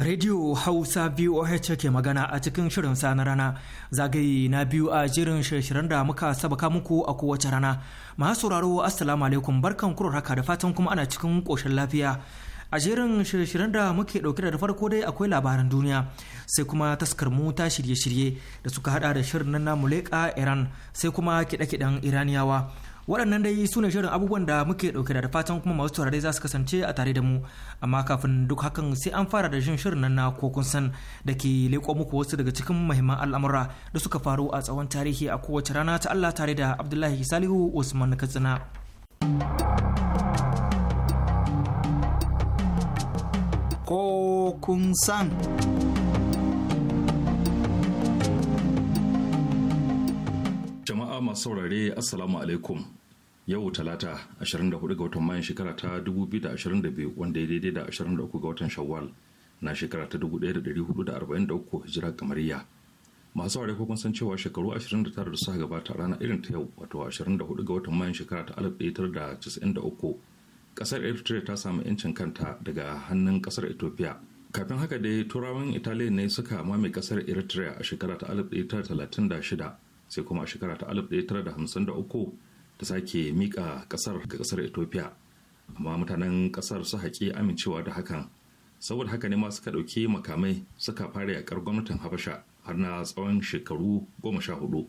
Radio Hausa VOH ke magana a cikin shirin sa na rana zagaye na biyu a jirin shirin da muka sabaka muku a kowace rana. Masu sauraro Assalamu alaikum barkan kuro haka da fatan kuma ana cikin koshin lafiya. A jerin shirin da muke ɗauke da farko dai akwai labaran duniya sai kuma taskar mu ta shirye-shirye da suka hada da shirin na Muleka Iran sai kuma kiɗe-kiɗen Iraniyawa. waɗannan dai su ne shirin abubuwan da muke ɗauke da fatan kuma masu taurari za su kasance a tare da mu amma kafin duk hakan sai an fara da shin shirin nan na ko kun san da ke leƙo muku wasu daga cikin mahimman al'amura da suka faru a tsawon tarihi a kowace rana ta Allah tare da Abdullahi Salihu Usman Katsina. kokun san. Jama'a masu saurare Assalamu alaikum. yau talata 24 ga watan mayan shekara ta 2022 wanda ya daidai da 23 ga watan shawwal na shekara ta 1443 hijira kamariya masu saurare ko san cewa shekaru 29 da suka gabata rana irin ta yau wato 24 ga watan mayan shekara ta 1993 kasar eritrea ta samu 'yancin kanta daga hannun kasar ethiopia kafin haka dai turawan italiya ne suka mame kasar eritrea a shekara ta 1936 sai kuma a shekara ta 1953 ta sake mika kasar ga kasar ethiopia amma mutanen kasar su haƙi amincewa da hakan saboda haka ne ma suka ɗauki makamai suka fara yakar gwamnatin habasha har na tsawon shekaru goma sha hudu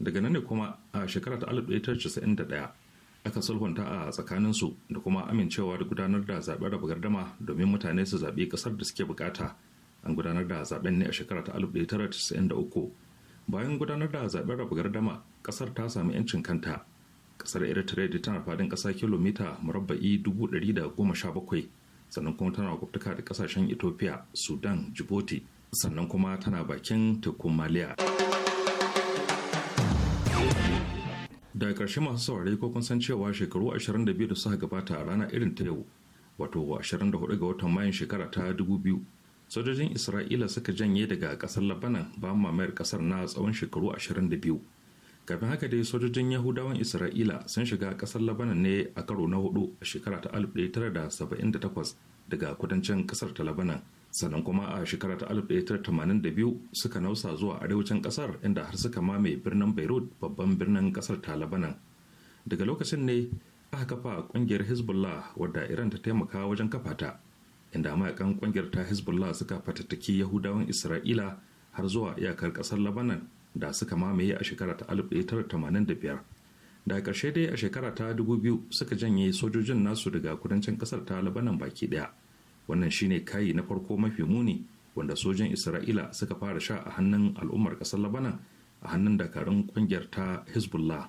daga nan ne kuma a shekara ta 1991 aka sulhunta a tsakanin su da kuma amincewa da gudanar da zaben raba gardama domin mutane su zaɓi ƙasar da suke bukata an gudanar da zaben ne a shekara ta 1993 bayan gudanar da zaben raba gardama ƙasar ta sami 'yancin kanta kasar eritrea da tana fadin kasa kilomita murabba'i 117 sannan kuma tana kwaftuka da kasashen ethiopia sudan djibouti sannan kuma tana bakin tekun maliya daga karshe masu saurari ko kun san cewa shekaru 22 da suka gabata a rana irin ta yau wato 24 ga watan mayan shekara ta 2000 sojojin isra'ila suka janye daga kasar labanan ba mamayar ƙasar na tsawon shekaru 22 kafin haka dai sojojin yahudawan isra'ila sun shiga kasar labanan ne a karo na hudu a shekara ta 1978 daga kudancin kasar ta labanan sannan kuma a shekara ta 1982 suka nausa zuwa arewacin kasar inda har suka mame birnin beirut babban birnin kasar ta labanan daga lokacin ne aka kafa kungiyar hezbollah wadda iran ta taimaka wajen kafa ta inda mayakan kungiyar ta hezbollah suka fatattaki yahudawan isra'ila har zuwa iyakar kasar labanan da suka mamaye a shekara ta 1985 daga ƙarshe dai a shekara ta 2000 suka janye sojojin nasu daga kudancin ƙasar ta labanan baki ɗaya wannan shine kayi na farko mafi muni wanda sojan isra'ila suka fara sha a hannun al'ummar ƙasar labanan a hannun dakarun ƙungiyar ta hezbollah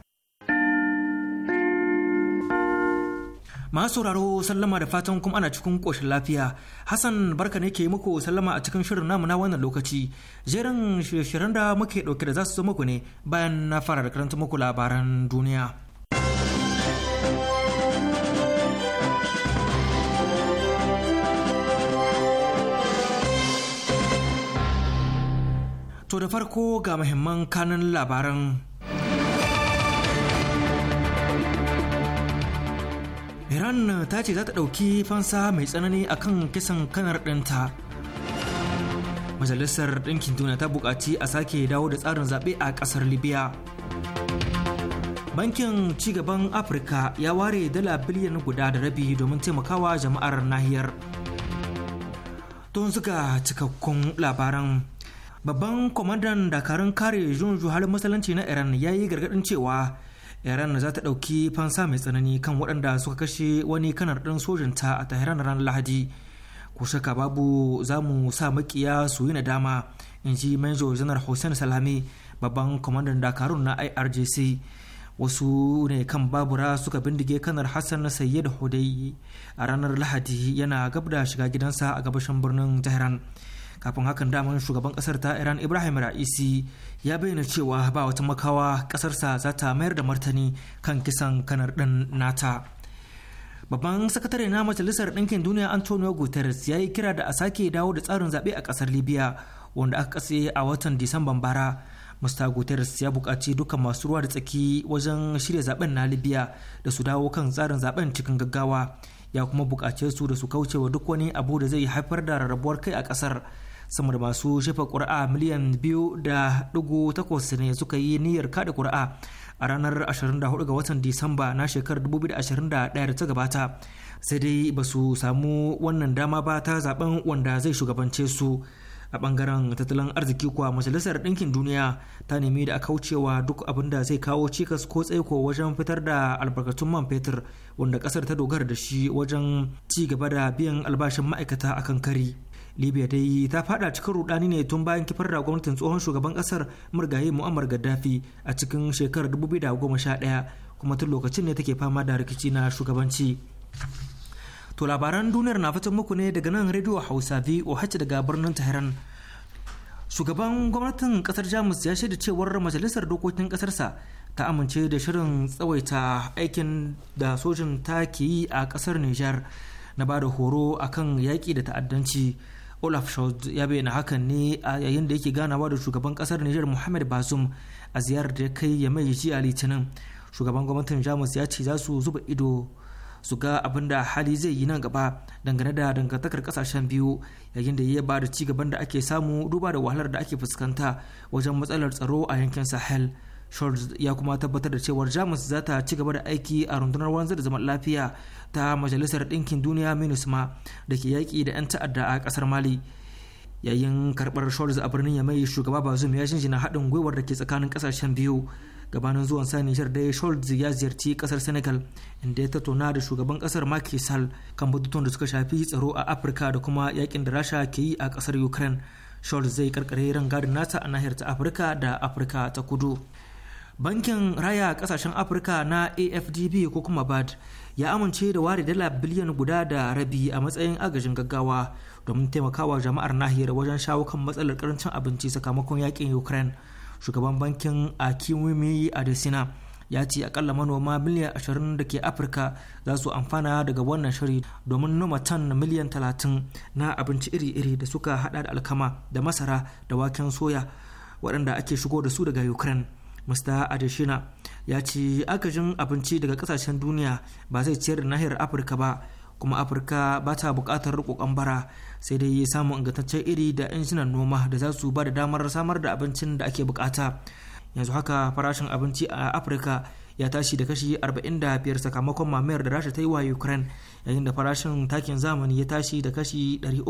masu sauraro sallama da fatan kuma ana cikin koshin lafiya hassan barka ne ke muku sallama a cikin shirin namu na wannan lokaci jerin shirye-shiryen da muke ɗauke da za su zo muku ne bayan na fara da karanta muku labaran duniya To da farko ga muhimman kanan labaran iran ta ce za ta ɗauki fansa mai tsanani akan kisan kanar ɗinta majalisar ɗinkin duniya ta buƙaci a sake dawo da tsarin zaɓe a ƙasar libya bankin cigaban afirka ya ware dala biliyan guda da rabi domin taimakawa jama'ar nahiyar tun suka cikakkun labaran babban kwamandan dakarun kare junju halin musulunci na iran ya yi gargaɗin cewa iran za ta ɗauki fansa mai tsanani kan waɗanda suka kashe wani kanar ɗin sojanta a tahiran ranar lahadi ku shaka babu za mu sa makiya su yi nadama in ji manjo janar hussein salami babban kwamandan dakarun na irgc wasu ne kan babura suka bindige kanar hassan sayyid hudai a ranar lahadi yana gab shiga gidansa a gabashin birnin tehran kafin hakan daman shugaban kasar ta iran ibrahim ra'isi ya bayyana cewa ba wata makawa kasarsa za ta mayar da martani kan kisan kanar ɗin nata babban sakatare na majalisar ɗinkin duniya antonio guterres ya yi kira da a sake dawo da tsarin zaɓe a ƙasar libya wanda aka katse a watan disamban bara mista guterres ya bukaci duka masu ruwa da tsaki wajen shirya zaben na libya da su dawo kan tsarin zaben cikin gaggawa ya kuma buƙace su da su kaucewa duk wani abu da zai haifar da rarrabuwar kai a ƙasar sama da masu shafa ƙura'a miliyan biyu da ɗigo takwas ne suka yi niyyar kaɗa ƙura'a a ranar 24 ga watan disamba na shekarar 2021 da ta gabata sai dai ba su samu wannan dama ba ta zaben wanda zai shugabance su a bangaren tattalin arziki kuwa majalisar ɗinkin duniya ta nemi da a kaucewa duk abin da zai kawo cikas ko tsaiko wajen fitar da albarkatun man fetur wanda ƙasar ta dogara da shi wajen ci gaba da biyan albashin ma'aikata akan kari libya dai ta fada cikin rudani ne tun bayan kifar da gwamnatin tsohon shugaban kasar murgaye mu'ammar gaddafi a cikin shekarar 2011 kuma tun lokacin ne take fama da rikici na shugabanci to labaran duniyar na fitan muku ne daga nan rediyo hausa voh daga birnin tehran shugaban gwamnatin kasar jamus ya shaida cewar majalisar dokokin kasarsa ta amince da shirin tsawaita aikin da sojin ta ke yi a kasar nijar na ba da horo akan yaƙi da ta'addanci olaf scholz ya bayyana hakan ne a yayin da yake ganawa da shugaban kasar niger muhammad bazoum a ziyarar da kai ya mai jiya litinin shugaban gwamnatin jamus ya ce za su zuba ido su ga abin da hali zai yi nan gaba dangane da dangantakar kasashen biyu yayin da ya ba da ci gaban da ake samu duba da wahalar da ake fuskanta wajen matsalar tsaro a yankin sahel Scholz ya kuma tabbatar da cewar Jamus za ta ci gaba da aiki a rundunar wanzar da zaman lafiya ta Majalisar Ɗinkin Duniya MINUSMA da ke yaƙi da 'yan ta'adda a ƙasar Mali. Yayin karɓar Scholz a birnin Yamai shugaba Bazoum ya jinjina haɗin gwiwar da ke tsakanin ƙasashen biyu. Gabanin zuwan sa Nijar dai Scholz ya ziyarci ƙasar Senegal inda ya tattauna da shugaban ƙasar Macky Sall kan batutuwan da suka shafi tsaro a Afirka da kuma yakin da Rasha ke yi a ƙasar Ukraine. Scholz zai karkare rangadin nasa a nahiyar ta Afirka da Afirka ta Kudu. bankin raya kasashen afirka na afdb ko kuma bad ya amince da ware dala biliyan guda da rabi a matsayin agajin gaggawa domin taimakawa jama'ar nahiyar wajen shawo kan matsalar karancin abinci sakamakon yakin ukraine shugaban bankin a a adesina ya ce akalla manoma miliyan ashirin da ke afirka za su amfana daga wannan shiri domin noma tan miliyan talatin na abinci iri-iri da suka hada da alkama da masara da waken soya waɗanda ake shigo da su daga ukraine mr adeshina ya ce jin abinci daga kasashen duniya ba zai ciyar da nahiyar afirka ba kuma afirka ba ta bukatar riƙoƙon bara sai dai samun ingantaccen iri da injinan noma da za su ba da damar samar da abincin da ake bukata yanzu haka farashin abinci a afirka ya tashi da kashi 45 sakamakon mamayar da rasha ta yi wa ukraine yayin da farashin takin zamani ya tashi da kashi 300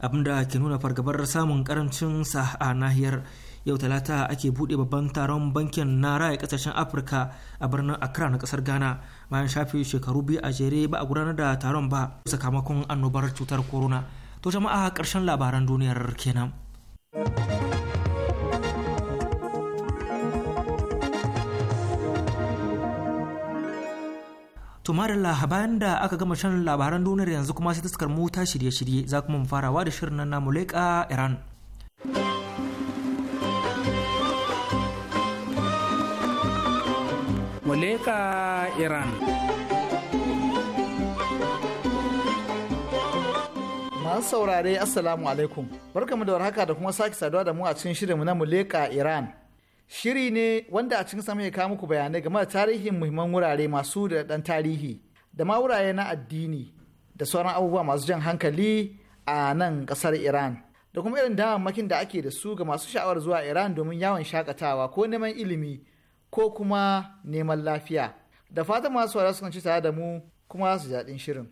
abinda ke nuna fargabar samun karancin sa a nahiyar yau talata ake buɗe babban taron bankin na raya kasashen afirka a birnin accra na kasar ghana bayan shafi shekaru biyu a jere ba a gudanar da taron ba sakamakon annobar cutar corona to jama'a karshen labaran duniyar kenan. To Marilla bayan da aka gama shan labaran duniyar yanzu kuma sai taskar mu ta shirye-shirye za kuma mu farawa da shirin nan namu Iran. muleka iran masu saurare assalamu alaikum barkamu da warhaka da kuma sake saduwa da mu a cikin shirinmu na muleka iran shiri ne wanda a cikin sa ya kawo muku bayanai game da tarihin muhimman wurare masu da dan tarihi da ma wurare na addini da sauran abubuwa masu jan hankali a nan kasar iran da kuma irin damammakin da ake da su ga masu sha'awar zuwa iran domin yawon shakatawa ko neman ilimi ko kuma neman lafiya da fata masu wara sukan ci tare da mu kuma su daɗin shirin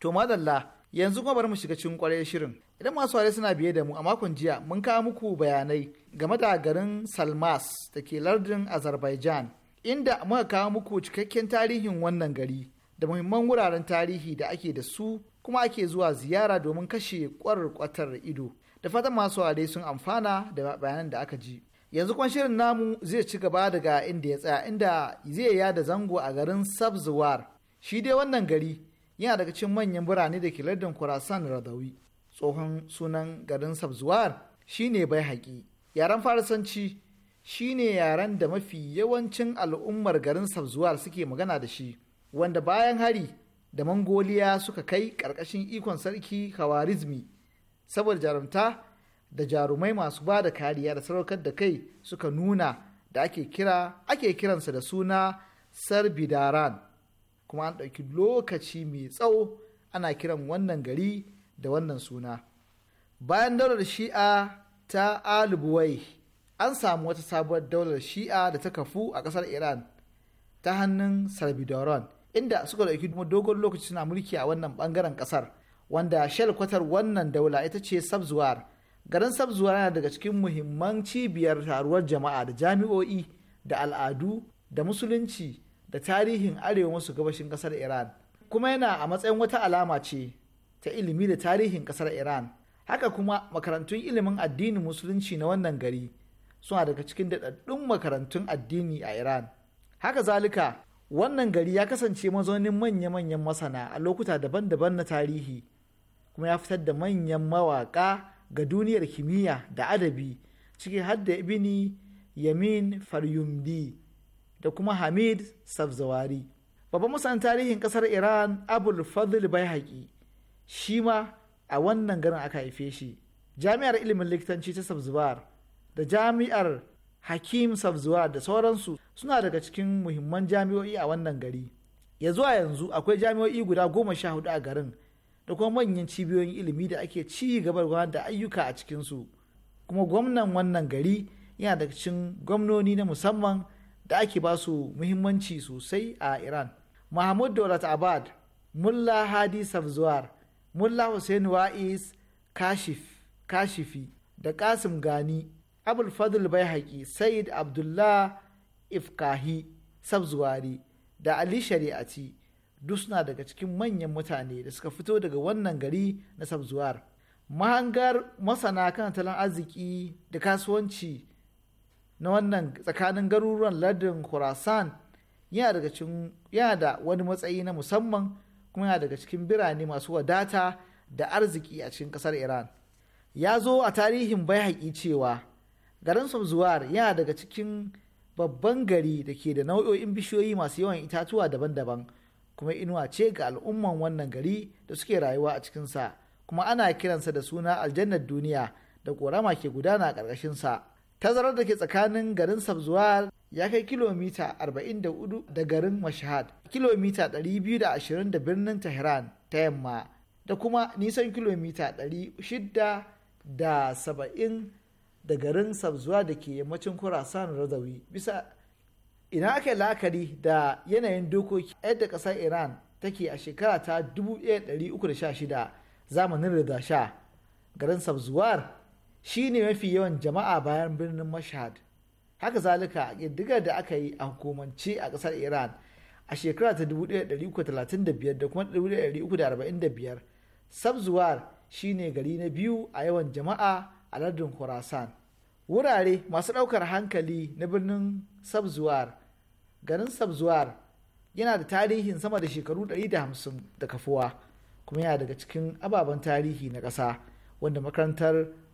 To madalla yanzu kuma bari mu shiga cikin kwarai shirin. Idan masu ware suna biye da mu a makon jiya mun kawo muku bayanai game da garin Salmas da ke lardin Azerbaijan, inda muka kawo muku cikakken tarihin wannan gari da muhimman wuraren tarihi da ake da su kuma ake zuwa ziyara domin kashe kwarar ido. Da fatan masu ware sun amfana da bayanan da aka ji. Yanzu kwan shirin namu zai ci gaba daga inda ya tsaya inda zai ya da zango a garin Sabzuwar. Shi dai wannan gari yana daga cikin manyan birane da ke lardin kurasan Radawi. Tsohon sunan garin Sabzuwar shine bai haƙi. yaren farisanci shine yaren da mafi yawancin al'ummar garin sabzuwar suke magana da shi wanda bayan hari da mangoliya suka kai ƙarƙashin ikon sarki kawarizmi saboda jarumta da jarumai masu ba da kariya da saraukar da kai suka nuna da ake kira ake kiransa da suna sarbidaran kuma an ɗauki lokaci mai tsawo ana kiran wannan gari da wannan suna bayan daular shi'a ta alibuwai an samu wata sabuwar daular shi'a da ta kafu a kasar iran ta hannun sarbidoron inda suka ɗauki dogon lokaci suna mulki a wannan ɓangaren ƙasar wanda al-kwatar wannan daula ita ce sabzuwar garin sabzuwar yana daga cikin muhimman cibiyar taruwar jama'a da jami'o'i da al'adu da musulunci da tarihin arewa masu gabashin kasar iran kuma yana a matsayin wata alama ce ta ilimi da tarihin kasar iran haka kuma makarantun ilimin addinin musulunci na wannan gari suna daga cikin daɗaɗɗun makarantun addini a iran haka zalika wannan gari ya kasance mazaunin manya-manyan masana a lokuta daban-daban na tarihi kuma ya fitar da manyan mawaƙa ga duniyar kimiyya da adabi ciki har ibini yamin faryumdi da kuma hamid safzawari babban masanin tarihin ƙasar iran abul fadl bai shi ma a wannan garin aka haife shi jami'ar ilimin likitanci ta sabzuwar da jami'ar hakim sabzuwar da sauransu suna daga cikin muhimman jami'o'i a wannan gari ya zuwa yanzu akwai jami'o'i guda goma sha hudu a garin da kuma manyan cibiyoyin ilimi da ake ci gaba da ayyuka a cikinsu kuma gwamnan wannan gari yana daga cikin gwamnoni na musamman da ake ba su muhimmanci sosai a iran mahmud daulat abad mulla hadi sabzuwar mulla hussein wa'is kashif kashifi da kasim gani abul fadl bai sayid abdullah ifkahi sabzuwari da ali shari'ati duk suna daga cikin manyan mutane da suka fito daga wannan gari na sabzuwar mahangar masana kan talan arziki da kasuwanci na wannan tsakanin garuruwan lardin khurasan yana da wani matsayi na musamman kuma yana daga cikin birane masu wadata da arziki a cikin kasar iran ya zo a tarihin bai cewa garin zuwar yana daga cikin babban gari da ke da nau'o'in bishiyoyi masu yawan itatuwa daban-daban kuma inuwa ce ga al'umman wannan gari da suke rayuwa a cikinsa kuma ana kiransa da suna aljannar duniya da ƙorama ke gudana a ƙarƙashinsa tazarar da ke tsakanin garin sabzuwar ya kai kilomita 44 da garin mashahad kilomita 220 da birnin tehran ta yamma da kuma nisan kilomita 670 da garin sabzuwa da ke yammacin kurasan radawi bisa ina aka la'akari da yanayin dokoki yadda ƙasar iran take a shekara ta 1316 zamanin rida sha garin sabzuwar shine mafi yawan jama'a bayan birnin mashahad. haka zalika ƙiddigar da aka yi a hukumance a ƙasar iran a shekara ta 1335 da kuma 1345 sabzuwar shine gari na biyu a yawan jama'a a lardin khorasan wurare masu ɗaukar hankali na birnin sabzuwar garin sabzuwar yana da tarihin sama da shekaru 150 da kafuwa kuma yana daga cikin ababen tarihi na ƙasa wanda makarantar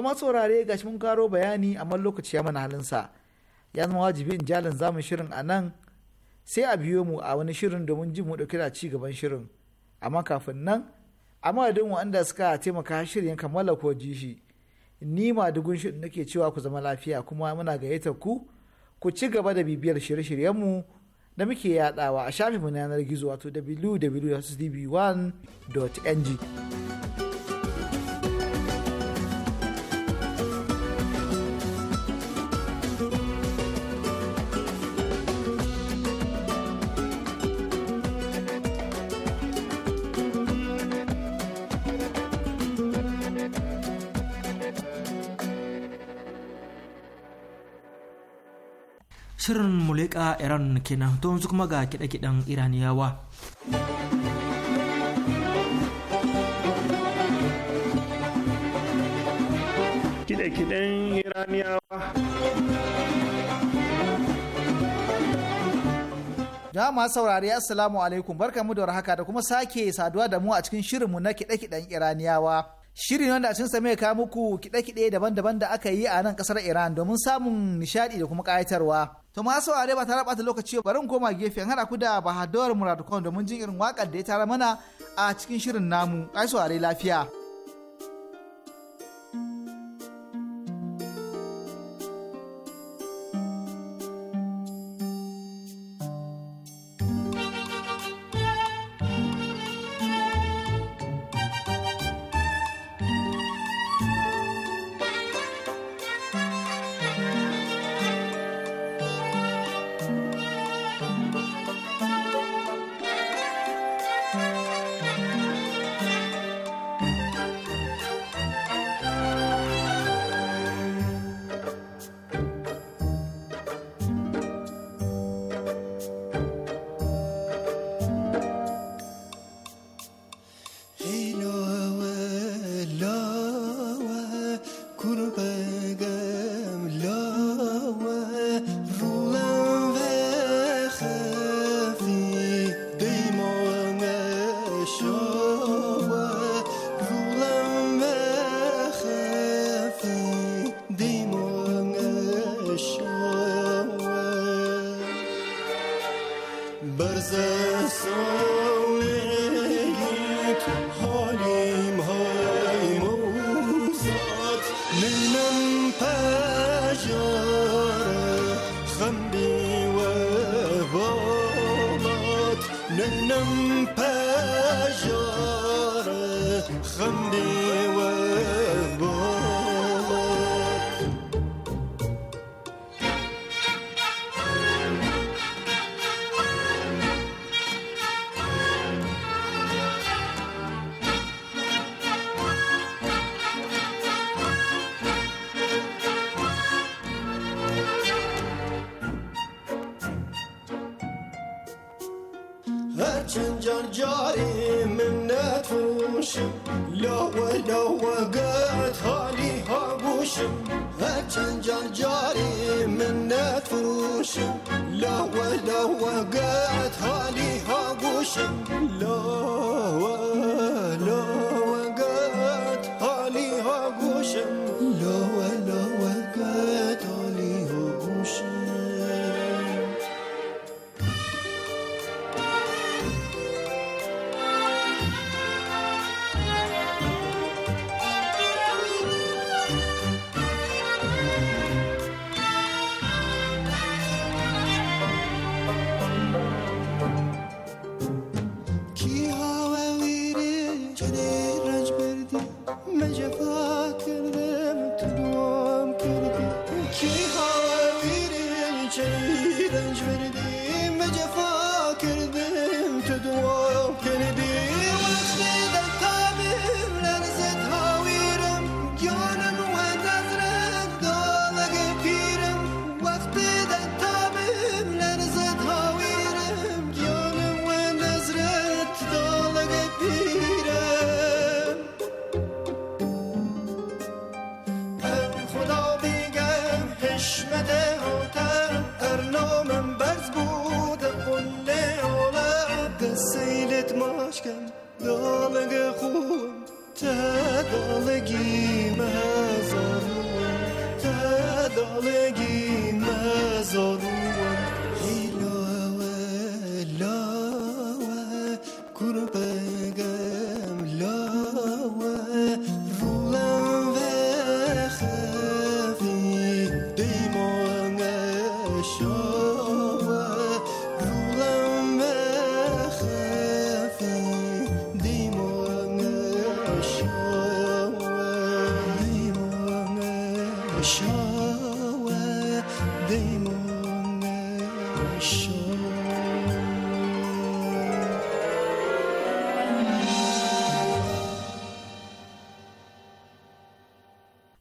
Tuma saurare shi mun karo bayani amma lokaci ya mana halinsa. Ya zama wajibi in jalin zamun shirin a nan sai a biyo mu a wani shirin domin jin mu ɗauki da ci gaban shirin. Amma kafin nan, a madadin wanda suka taimaka shirin kammala ko ji shi. Ni ma dugun shirin nake cewa ku zama lafiya kuma muna gayyatar ku ku ci gaba da bibiyar shirye shiryen mu da muke yadawa a shafinmu na yanar gizo wato www.cdb1.ng. shirin mulika iran kenan to yanzu kuma ga kiɗe-kiɗen iraniyawa kiɗe-kiɗen iraniyawa saurari Assalamu alaikum barkamu da warhaka da kuma sake saduwa da mu a cikin shirinmu na kida kidan Iraniyawa. shirin wanda a cinsa mai kawo muku kiɗe-kiɗe daban-daban da aka yi a nan ƙasar Iran domin samun nishaɗi da kuma ƙayatarwa. To ma sau ba ta ɓata lokaci bari koma gefen hana ku da Bahadur Muradu domin jin irin waƙar da ya tara mana a cikin shirin namu. Ai saurare lafiya. برزه سوم هاتنجان جاري من فروش لا ولا وقت هالي هاقوش لا ولا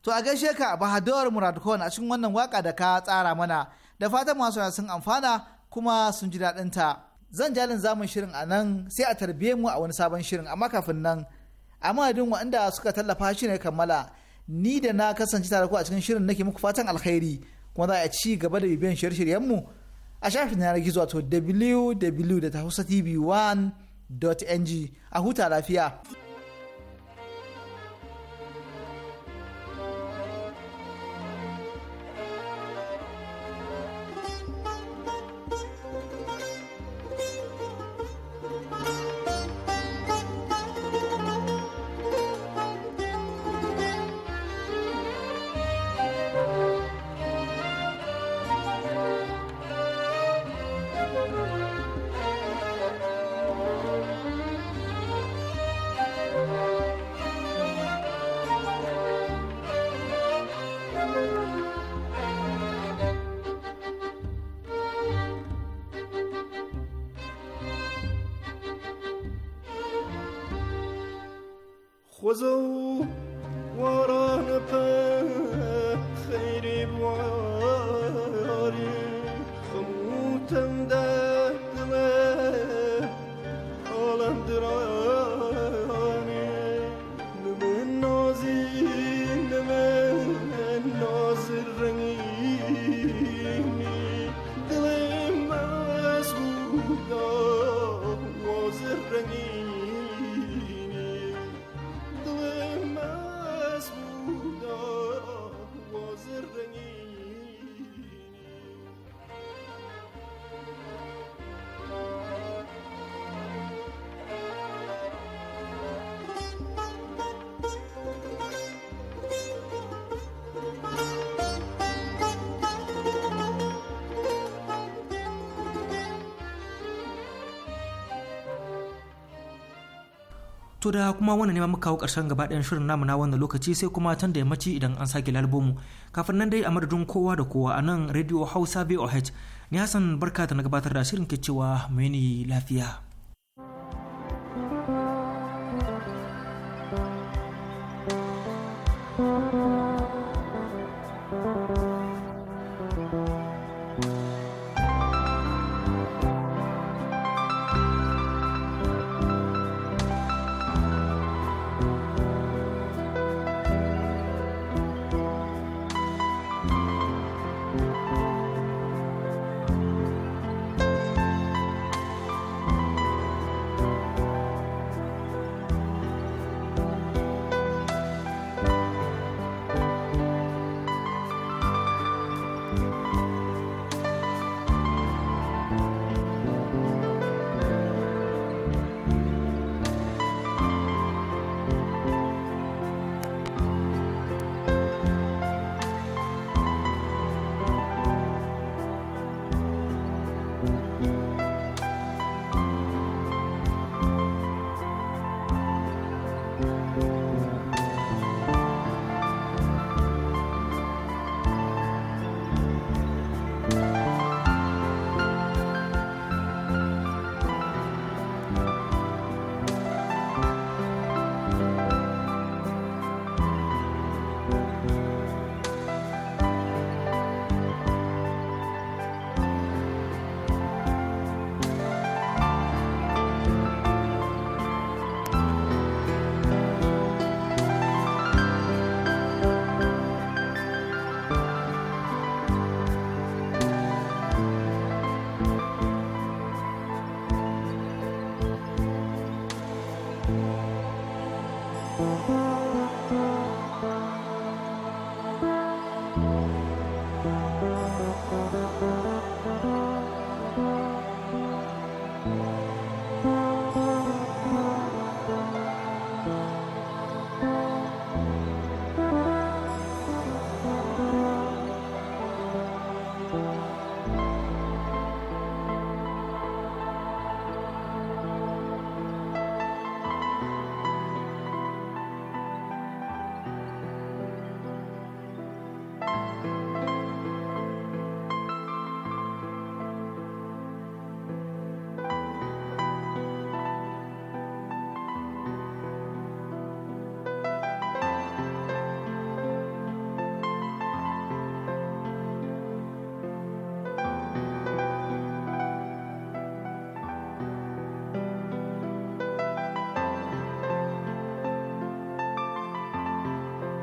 To a gaishe ka Bahadur Murad Khan a cikin wannan waka da ka tsara mana da fatan masu sun amfana kuma sun ji daɗin ta. Zan jalin zamun shirin a nan sai a tarbiye mu a wani sabon shirin amma kafin nan a madadin waɗanda suka tallafa shi ne kammala ni da na kasance tare ku a cikin shirin nake muku fatan alkhairi kuma za a ci gaba da bibiyan shirye-shiryen mu a shafin yanar gizo wato www.hausatv1.ng a huta lafiya. was a to da kuma wannan ne ma muka kawo karshen gaba ɗayan shirin namu na wannan lokaci sai kuma tun da yammaci idan an sake lalbomu kafin nan dai a madadin kowa da kowa a nan radio hausa voh ni hasan barka ta na gabatar da shirin ke cewa mu lafiya